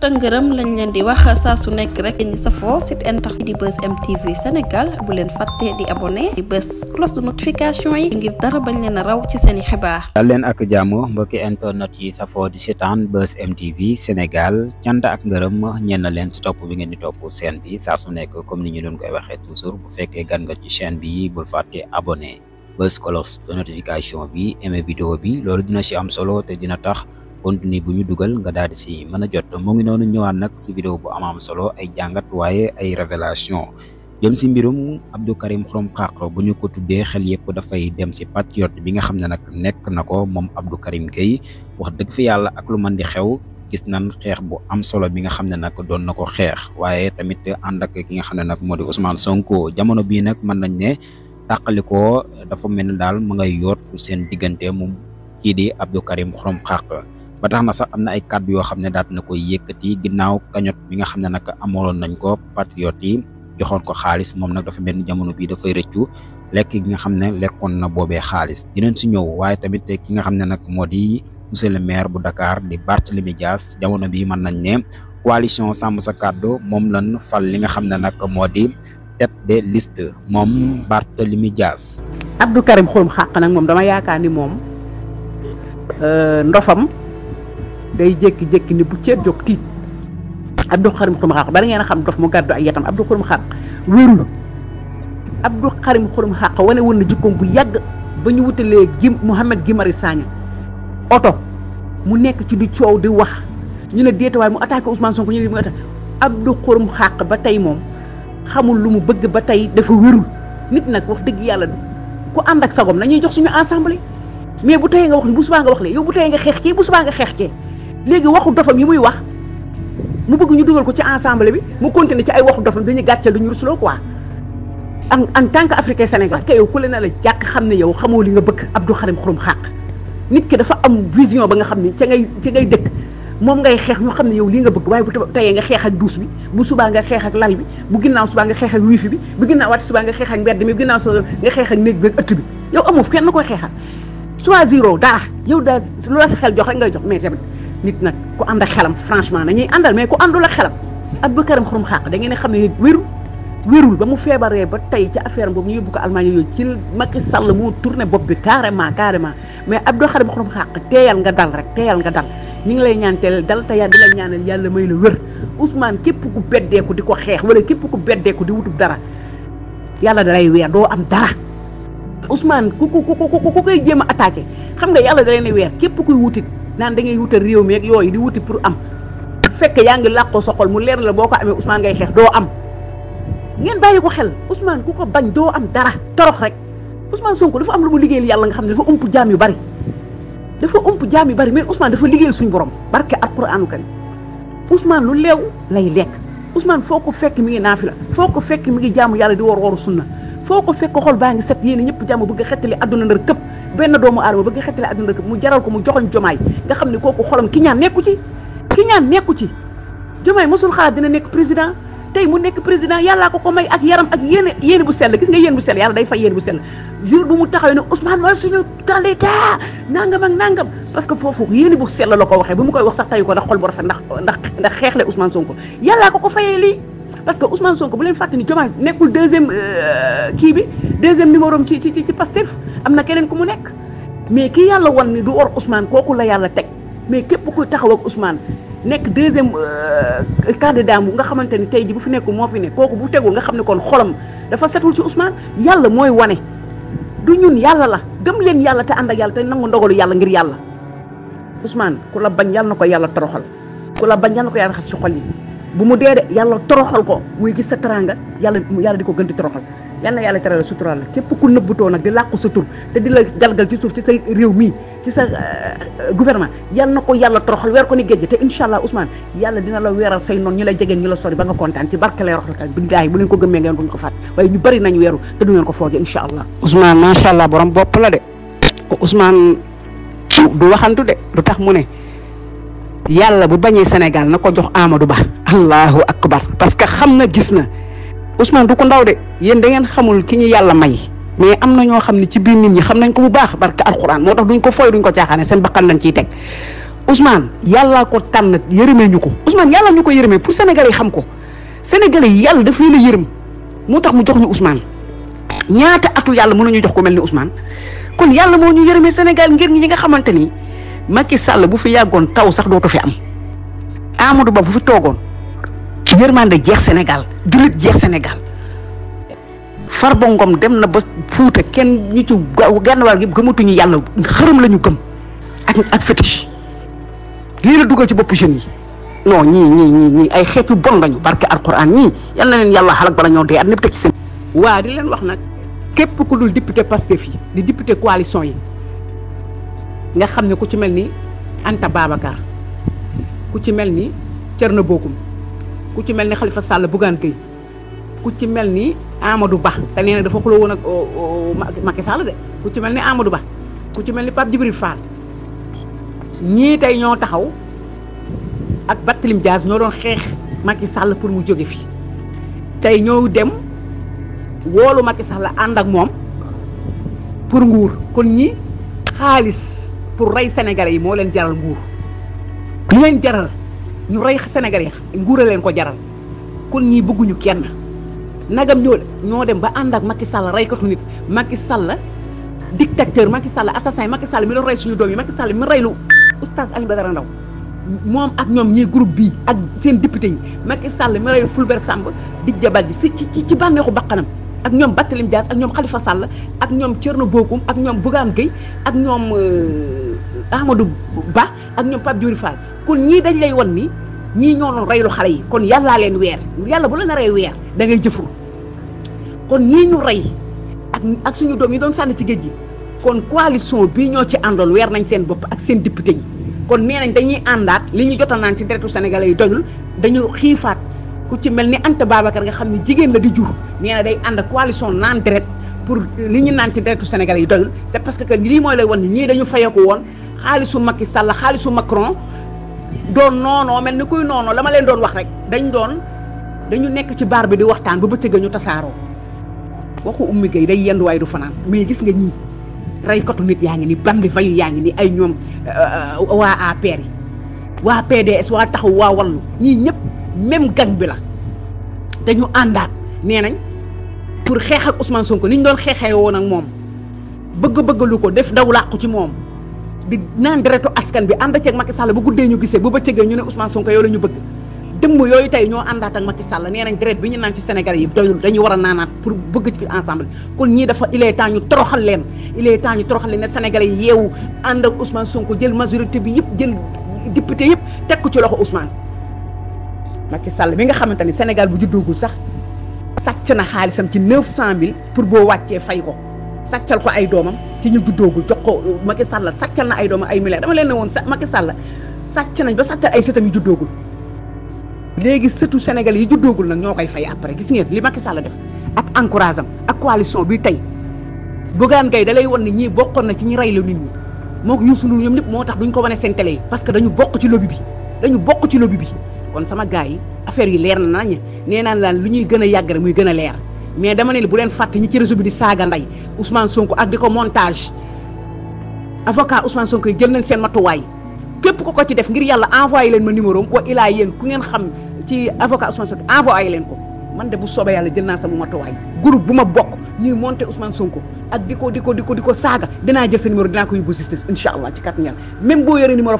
tëngërëm lañ leen di wax saa su nekk rek ni safoo site internet di bës MTV Sénégal bu leen fàtte di abonné di bës cloche de notification yi ngir dara bañ leen raw ci seen i xibaar. dal leen ak jàmm mbokki internet yi safoo di seetaan bës MTV Sénégal cant ak ngërëm ñeen na leen si topp bi ngeen di topp seen bi saa su nekk comme ni ñu doon koy waxee toujours bu fekkee gan nga ci chaîne bi bul fàtte abonné bës cloche de notification bi aimé vidéo bi loolu dina ci am solo te dina tax. contenu ni buñu dugal nga daal ci si mën a jot ngi nonu ñëwaat nak ci vidéo bu am solo ay jangat waaye ay révélation jëm ci mbirum Abdou Karim from khakro buñu ko tuddé xel da fay dem ci patriot bi nga xamné nak nek nako mom Abdou Karim gay wax dëgg fi yalla ak lu mën di xew gis nan xex bu am solo bi nga xamné nak doon nako xex waye waaye tamit and ak ki nga xamné nak modi Ousmane Sonko jamono bi nak mën nañ né takaliko dafa mel dal ngay yott sen digënté ki di Abdou Karim from khakro ba tax na sax amna ay kàddu yo xamne ne na koy yekati ginnaw kañot mi nga xamne nak amolon nañ ko patriote yi joxon ko xaalis mom nak dafa mel ni jamono da fay reccu lek gi nga xamne lekkon na bobé xaalis dinañ ci ñew waye tamit ki nga xamne nak modi monsieur le maire bu Dakar di Barthélémy Dias jamono bi man nañ ne coalition sam sa kàddu mom lañ fal li nga xamne nak modi tet de liste mom Barthélémy Dias Abdou Karim Xrum xaq nak mom dama yaakaar ni moom euh, ndofam day jékki-jékki ni bu ceeb jóg tiit Abdou Karim Xrum xaq bari ngeen a xam dof mu gàddu ay yetam Abdou Xrum Xax wérul Abdou Karim Xrum Xax wane woon na jikkoom bu yàgg ba ñu wutalee gi Mouhamed Guimari Sagna oto mu nekk ci di coow di wax ñu ne déet waaye mu attaqué Ousmane Sonko ñu ne mu attaqué Abdou Xrum Xax ba tey moom xamul lu mu bëgg ba tey dafa wérul nit nag wax dëgg yàlla ku ànd ak sagom nañuy jox suñu ensemble mais bu tey nga wax ni bu subaa nga wax lee yow bu tey nga xeex ci bu subaa nga xeex ci léegi waxu dofam yi muy wax mu bëgg ñu dugal ko ci ensemble bi mu continuer ci ay waxu dofam dañuy gàcceel du ñu rusloo quoi en en tant que africain sénégalais. parce que yow ku le na la jàkk xam ne yow xamoo li nga bëgg Abdou Karim Xurum Xaq nit ki dafa am vision ba nga xam ne ca ngay ca ngay dëkk moom ngay xeex ñu xam ne yow lii nga bëgg waaye bu tayee nga xeex ak duus bi bu subaa nga xeex ak lal bi bu ginnaaw subaa nga xeex ak wifi bi bu ginnaaw waati subaa nga xeex ak mbedd mi bu ginnaaw so nga xeex ak néeg bi ak ëtt bi yow amoo kenn koy yow daal lu la sa xel jox rek ngay jox mais tamit nit nag ku ànd ak xelam franchement nañuy àndal mais ku àndul a xelam Aboubacaram xurum xaq da ngeen xam ne wérul wérul ba mu feebaree ba tey ci affaire boobu ñu yóbbu ko Allemagne yooyu ci Macky Sall moo tourné bopp bi carrément carrément mais ab Aboubacaram xurum xaq teeyal nga dal rek teeyal nga dal ñu ngi lay ñaanteel dal te yaa di la ñaanal yàlla may la wér Ousmane képp ku beddeeku di ko xeex wala képp ku beddeeku di wutub dara yàlla dalay weer doo am dara Ousmane ku ku ku ku koy jéem xam nga yàlla dalay weer képp kuy wutit naan da ngay wutal réew mi ak yooyu di wuti pour am bu yaa ngi làqoo sa xol mu leer la boo ko amee Ousmane ngay xeex doo am ngeen bàyyi ko xel Ousmane ku ko bañ doo am dara torox rek Ousmane Sonko dafa am lu mu liggéeyal yàlla nga xam ne dafa ëmp jaam yu bari dafa ëmp jaam yu bari mais Ousmane dafa liggéeyal suñu borom barke alquraanu kan Ousmane lu leew lay lekk Ousmane foo ko fekk mi ngi naafila foo ko fekk mi ngi jaamu yàlla di woor wooru sunna foo ko fekk xol baa ngi set yéen ñëpp jàmm bëgg a xettali àdduna benn doomu aadama bëgg xettale àdduna rek mu jaral ko mu joxoñ jomaay nga xam ne kooku xolam ki ñaan nekku ci ki ñaan nekku ci jomaay mosul xalaat dina nekk président tey mu nekk président yàllaa ko ko may ak yaram ak yéene yéene bu sell gis nga yéene bu sell yàlla day fay yéene bu sell jour bu mu taxawee ne Ousmane mooy suñu candidat nangam ak nangam parce que foofu yéene bu sell la ko waxee bu mu koy wax sax tayu ko ndax xol bu rafet ndax ndax ndax xeexle Ousmane Sonko yàllaa ko ko fayee lii parce que Ousmane Sonko bu leen fàtte ni Diomaye nekkul deuxième euh, kii bi deuxième numéro am ci ci ci Pastef am na keneen ku mu nekk mais ki yàlla wan ni du or Ousmane kooku la yàlla teg mais képp ku taxaw ak nekk deuxième euh, candidat bu nga xamante ni tey ji bu fi nekkul moo fi nekk kooku bu tegu nga xam ne kon xolam dafa setul ci Ousmane yàlla mooy wane du ñun yàlla la gëm leen yàlla te ànd ak yàlla te nangu ndogalu yàlla ngir yàlla Ousmane ku la bañ yàlla na ko yàlla toroxal ku bañ yàlla ko yàlla xas yi bu mu dee de yàlla toroxal ko muy sa teraanga yàlla yàlla di ko gën di toroxal yal na yàlla teral suturaal la képp ku too nag di làqu sa tur te di la galgal ci suuf ci sa réew mii ci sa euh, gouvernement yal na ko yàlla toroxal weer ko ni géej te incha allah Ousmane yàlla dina la weeral say noon ñi la jege ñi la sori ba nga kontaan ci barke lay roxlaka billaahi bu leen ko ñu bari nañ weeru te du ngeen ko fooge incha allah Ousmane macha allah borom bopp la de Ousmane du waxantu de lu tax mu ne yàlla bu bañee Sénégal na ko jox Amadou Ba allahu akbar parce que xam na gis na Ousmane du ko ndaw de yéen da ngeen xamul ki ñu yàlla may mais am na ñoo xam ne ci biir nit ñi xam nañ ko bu baax barka alxuraan moo tax duñ ko fooy duñ ko caaxaane seen bakkan lañ ciy teg Ousmane yàllaa ko tànn yërëmee ñu ko Ousmane yàlla ñu ko yërëmee pour Sénégalais yi xam ko Sénégalais yi yàlla daf leen a yërëm moo tax mu jox ñu Ousmane ñaata atu yàlla na mënuñu jox ko mel ni Ousmane kon yàlla moo ñu ngir ñi nga xamante ni Macky Sall bu fi yàggoon taw sax fi am Amadou Ba bu fi jeex Sénégal jeex Sénégal Farba dem na ba Fuuta kenn ñu ci genn wàll gi gëmatuñu yàlla xërëm la ñu gëm ak ak fétiche lii la dugal ci bopp jeune yi non ñii ñii ñii ñii ay xeet yu na leen yàlla at di leen wax député nga xam ne ku ci mel ni Anta Babacar ku ci mel ni Thierno Bocoum ku ci mel ni Khalifa Sall Bougane Gueye ku ci mel ni Amadou Ba te nee na oh, oh, ku ci mel ni Amadou Ba ku ci mel ni Pape Djibril Fall ñii tey ñoo taxaw ak Barthélémy Dias ñoo doon xeex Macky Sall pour mu jóge fi tey ñoo dem woolu Macky Sall ànd ak moom pour nguur kon ñi xaalis pour ray sénégalais yi moo leen jaral nguur li leen jaral ñu ray sénégalais nguuré leen ko jaral kon ñi bëgguñu kenn nagam ñoo ñoo dem ba ànd ak Macky Sall ray katu nit Macky Sall dictateur Macky Sall assassin Macky Sall mi doon ray suñu doom yi Macky Sall mi lu oustaz Aliou Badara Ndaw moom ak ñoom ñi groupe bi ak seen député yi Macky Sall mi ray Fulbert Samb di jabal ji ci ci ci bànneexu baqanam ak ñoom Batalim Dias ak ñoom Khalifa Sall ak ñoom Thierno Bokoum ak ñoom Bougane Gueye ak ñoom euh, amadou ba ak ñom pap diouri fall kon ñi dañ lay won ni ñi ñoo non reylu xale yi kon yalla leen wër yalla bu la ray wër da ngay jëfru kon ñi ñu ray ak ak suñu doom yi doon sànni ci géej kon coalition bi ñoo ci andol wër nañ seen bop ak seen député yi kon né nañ dañuy àndaat li ñu jotal naan ci deretu sénégalais yi doyul dañu xifaat ku ci melni ni babakar nga xamni jigen la di jur nee na day and coalition nan deret pour li ñu nan ci deretu sénégalais yi doyul c'est parce que li moy lay won ñi dañu fayeku won xaalisu Macky Sall xaalisu Macron doon nono melni kuy nono lama len don, doon wax rek dañ doon dañu nek ci bar bi di waxtaan bu bëccëg ñu tasaaroo waxu ummi gay day yend way du fanan mais gis nga ñii raykatu nit yaa ni bambi fayu yaangi ni ay ñom euh, wa APR yi wa PDS wa tax wa wal ñi ñep même gang bi la dañu andat nenañ pour xex ak Ousmane Sonko niñ doon ak mom bëgg lu ko def daw làqu ci mom di naan deretu askan bi ànd ceeg Macky Sall bu guddee ñu gisee bu bëccëgee ñu ne Ousmane Sonko yow la ñu bëgg dëmm yooyu tey ñoo àndaat ak Macky Sall nee nañ deret bi ñu naan ci Sénégal yi doyul dañuy war a naanaat pour bëgg ci ensemble kon ñii dafa il est temps ñu toroxal leen il est temps ñu toroxal leen ne Sénégalais yi yeewu ànd ak Ousmane jël majorité bi yëpp jël député yëpp teg ko ci loxo Ousmane Macky Sall bi nga xamante ni Sénégal bu juddoogul sax sàcc na xaalisam ci 900000 pour boo wàccee fay ko sàccal ko ay doomam ci ñu juddoogul jox ko Macky Sall sàccal na ay doom ay milliards dama leen ne woon Macky Sall sàcc nañ ba sàccal ay sëtam yu juddoogul léegi sëtu Sénégal yi juddoogul nag ñoo koy fay après gis ngeen li Macky Sall def ak encourage ak coalition bi tey Bougane Gueye da lay won ne ñii bokkoon na ci ñi rey la nit ñi moo ko Youssou Ndour ñoom ñëpp moo tax duñ ko wane seen télé yi parce que dañu bokk ci lobby bi dañu bokk ci lobby bi kon sama gars yi affaire yi leer na nañ nee naan laan lu ñuy gën a yàgg rek muy gën a leer mais dama ne bu leen fàtte ñi ci réseau bi di saaga nday Ousmane Sonko ak di ko montage avocat Ousmane Sonko yi jël nañ seen matuwaay képp ku ko ci def ngir yàlla envoyé leen ma numéro am wa ilaa yéen ku ngeen xam ci avocat Ousmane Sonko envoyé ko man de bu soobee yàlla jël naa sama matuwaay groupe bu ma bokk ñuy monté Ousmane Sonko ak di ko di ko di ko di ko saaga dinaa jël sa numéro dinaa ko yóbbu justice incha allah ci kat ñaar même boo yoree numéro